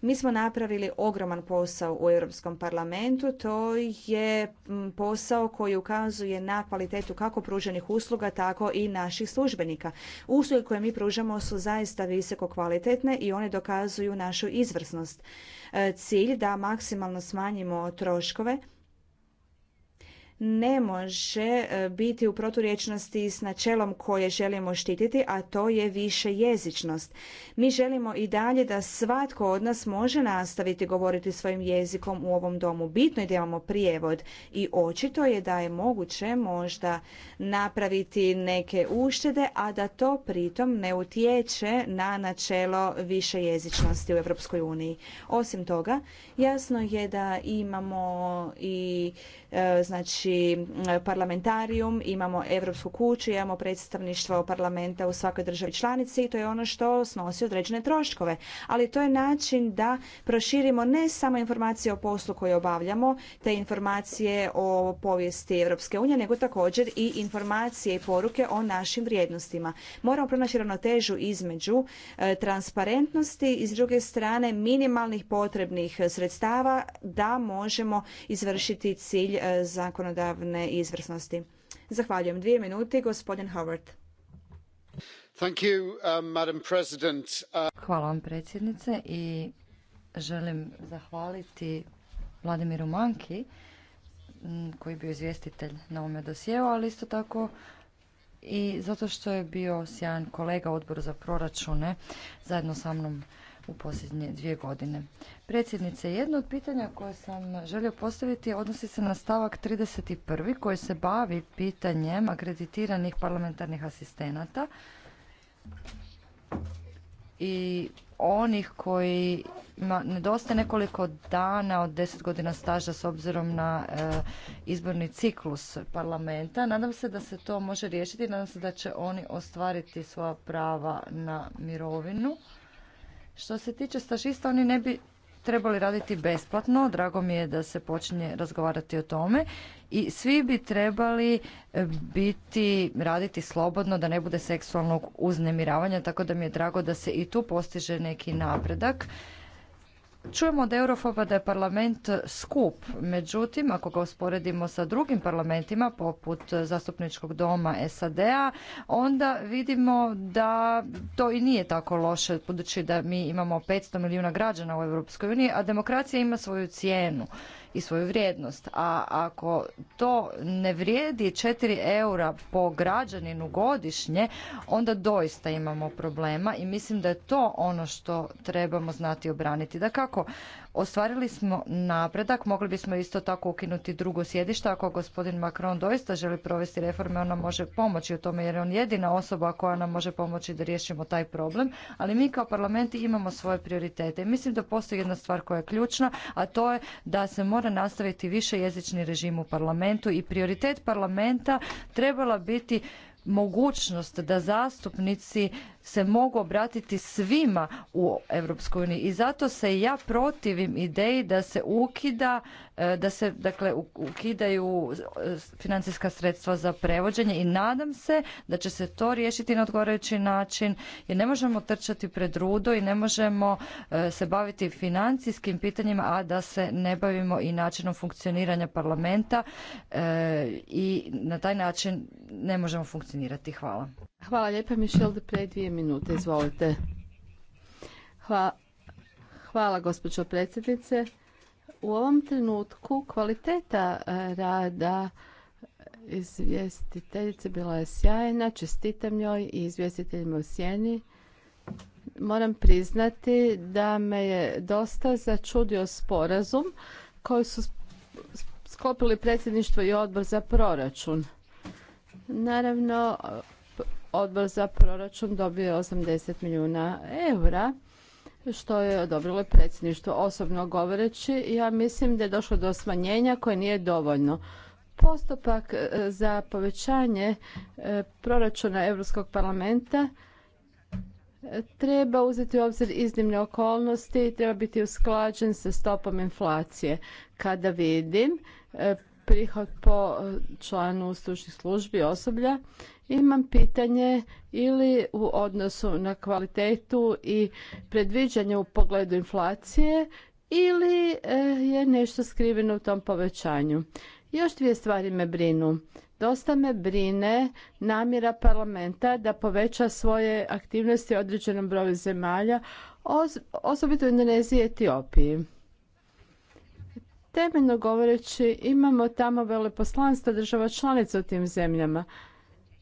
Speaker 1: Mi smo napravili ogroman posao u Europskom parlamentu. To je posao koji ukazuje na kvalitetu kako pruženih usluga, tako i naših službenika. Usluge koje mi pružamo su zaista visoko kvalitetne i one dokazuju našu izvrsnost. E, cilj da maksimalno smanjimo troškove ne može e, biti u proturječnosti s načelom koje želimo štititi, a to je više jezičnost. Mi želimo i dalje da svatko od nas može nastaviti govoriti svojim jezikom u ovom domu. Bitno je da imamo prijevod i očito je da je moguće možda napraviti neke uštede, a da to pritom ne utječe na načelo više jezičnosti u Europskoj uniji. Osim toga, jasno je da imamo i E, znači parlamentarijum, imamo Europsku kuću, imamo predstavništvo parlamenta u svakoj državi članici i to je ono što snosi određene troškove. Ali to je način da proširimo ne samo informacije o poslu koje obavljamo, te informacije o povijesti Europske unije, nego također i informacije i poruke o našim vrijednostima. Moramo pronaći ravnotežu između e, transparentnosti i s druge strane minimalnih potrebnih sredstava da možemo izvršiti cilj E, zakonodavne izvrsnosti. Zahvaljujem. Dvije minute, gospodin Howard.
Speaker 6: Um, uh,
Speaker 2: Hvala vam predsjednice i želim zahvaliti Vladimiru Manki koji je bio izvjestitelj na ovome dosjeu, ali isto tako i zato što je bio sjajan kolega odboru za proračune zajedno sa mnom u posljednje dvije godine. Predsjednice, jedno od pitanja koje sam želio postaviti odnosi se na stavak 31. koji se bavi pitanjem akreditiranih parlamentarnih asistenata i onih koji nedostaje nekoliko dana od deset godina staža s obzirom na e, izborni ciklus parlamenta. Nadam se da se to može riješiti, nadam se da će oni ostvariti svoja prava na mirovinu. Što se tiče stažista, oni ne bi trebali raditi besplatno. Drago mi je da se počinje razgovarati o tome. I svi bi trebali e, biti, raditi slobodno, da ne bude seksualnog uznemiravanja, tako da mi je drago da se i tu postiže neki napredak. Čujemo od Eurofoba da je parlament skup, međutim ako ga usporedimo sa drugim parlamentima poput zastupničkog doma SAD-a, onda vidimo da to i nije tako loše, budući da mi imamo 500 milijuna građana u Europskoj uniji, a demokracija ima svoju cijenu i svoju vrijednost. A ako to ne vrijedi 4 eura po građaninu godišnje, onda doista imamo problema i mislim da je to ono što trebamo znati obraniti. Da kako Ostvarili smo napredak, mogli bismo isto tako ukinuti drugo sjedište. Ako gospodin Macron doista želi provesti reforme, on nam može pomoći u tome jer je on jedina osoba koja nam može pomoći da riješimo taj problem. Ali mi kao parlamenti imamo svoje prioritete. mislim da postoji jedna stvar koja je ključna, a to je da se mora nastaviti više jezični režim u parlamentu i prioritet parlamenta trebala biti mogućnost da zastupnici se mogu obratiti svima u EU. uniji i zato se ja protivim ideji da se ukida E, da se dakle ukidaju e, financijska sredstva za prevođenje i nadam se da će se to riješiti na odgovarajući način jer ne možemo trčati pred rudo i ne možemo e, se baviti financijskim pitanjima a da se ne bavimo i načinom funkcioniranja parlamenta i na taj način ne možemo funkcionirati. Hvala. Hvala lijepa Mišel,
Speaker 3: Pre, dvije minute, izvolite. hvala gospođo predsjednice. U ovom trenutku kvaliteta e, rada izvjestiteljice bila je sjajna, čestitam njoj i izvjestiteljima u sjeni. Moram priznati da me je dosta začudio sporazum koji su sklopili predsjedništvo i odbor za proračun. Naravno, odbor za proračun dobio je 80 milijuna eura što je odobrilo predsjedništvo. Osobno govoreći, ja mislim da je došlo do smanjenja koje nije dovoljno. Postupak e, za povećanje e, proračuna Europskog parlamenta e, treba uzeti u obzir iznimne okolnosti i treba biti usklađen sa stopom inflacije. Kada vidim prihod po e, članu stručnih službi osoblja. Imam pitanje ili u odnosu na kvalitetu i predviđanje u pogledu inflacije ili e, je nešto skriveno u tom povećanju. Još dvije stvari me brinu. Dosta me brine namjera parlamenta da poveća svoje aktivnosti u određenom broju zemalja, osobito u Indoneziji i Etiopiji. Temeljno govoreći imamo tamo veleposlanstva država članica u tim zemljama.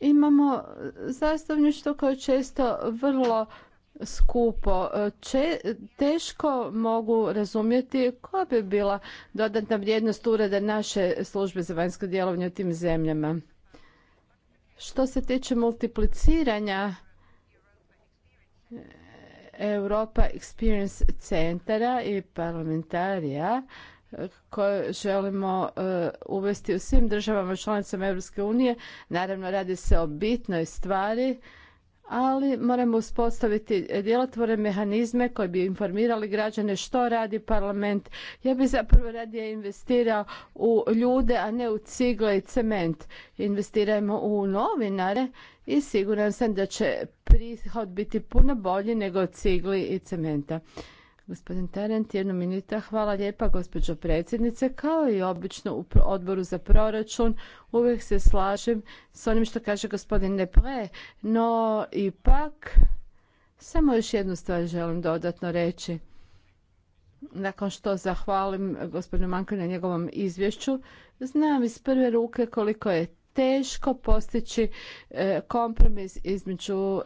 Speaker 3: Imamo zastavništvo e, koje često vrlo skupo. E, teško mogu razumjeti koja bi bila dodatna vrijednost ureda naše službe za vanjsko djelovanje u tim zemljama. Što se tiče multipliciranja e, Europa Experience centara i parlamentarija, koje želimo e, uvesti u svim državama članicama Europske unije. Naravno, radi se o bitnoj stvari, ali moramo uspostaviti djelotvore mehanizme koji bi informirali građane što radi parlament. Ja bi zapravo radije investirao u ljude, a ne u cigle i cement. Investirajmo u novinare i siguran sam da će prihod biti puno bolji nego od cigli i cementa. Gospodin Terent, jednu minuta. Hvala lijepa, gospođo predsjednice. Kao i obično u odboru za proračun, uvijek se slažem s onim što kaže gospodin Nepre, no ipak samo još jednu stvar želim dodatno reći. Nakon što zahvalim gospodinu Manku na njegovom izvješću, znam iz prve ruke koliko je teško postići e, kompromis između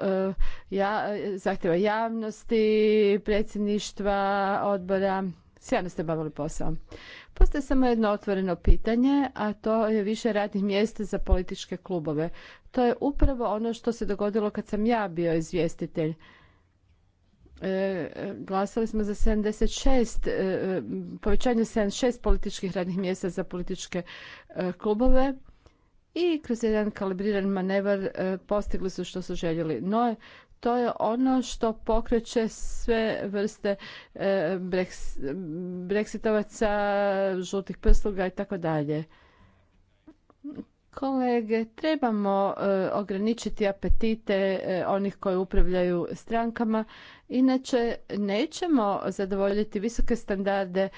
Speaker 3: e, zahtjeva javnosti, predsjedništva, odbora. Sjajno ste bavili posao. Postoje samo jedno otvoreno pitanje, a to je više radnih mjesta za političke klubove. To je upravo ono što se dogodilo kad sam ja bio izvjestitelj. E, glasali smo za 76, e, povećanje 76 političkih radnih mjesta za političke e, klubove i kroz jedan kalibriran manevar e, postigli su što su željeli. No, to je ono što pokreće sve vrste e, breksitovaca, žutih prsluga i tako dalje. Kolege, trebamo e, ograničiti apetite onih koji upravljaju strankama, inače nećemo zadovoljiti visoke standarde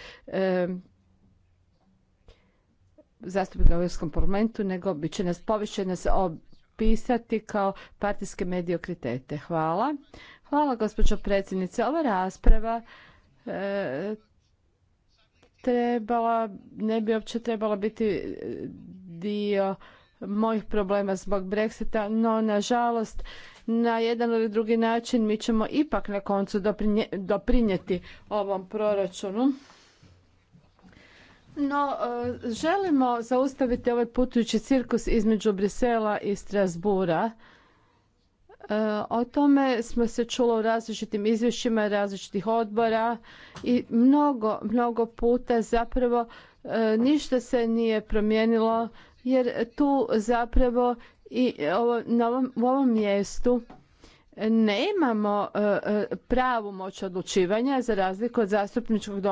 Speaker 3: zastupnika u Europskom parlamentu, nego bit će nas poviše nas opisati kao partijske mediokritete. Hvala. Hvala, gospođo predsjednice. Ova rasprava e, trebala, ne bi uopće trebala biti dio mojih problema zbog Brexita, no nažalost na jedan ili drugi način mi ćemo ipak na koncu doprinjeti ovom proračunu. No, e, želimo zaustaviti ovaj putujući cirkus između Brisela i Strasbura. E, o tome smo se čulo u različitim izvješćima različitih odbora i mnogo, mnogo puta zapravo e, ništa se nije promijenilo jer tu zapravo i ovom, u ovom mjestu nemamo pravu moć odlučivanja za razliku od zastupničkog doma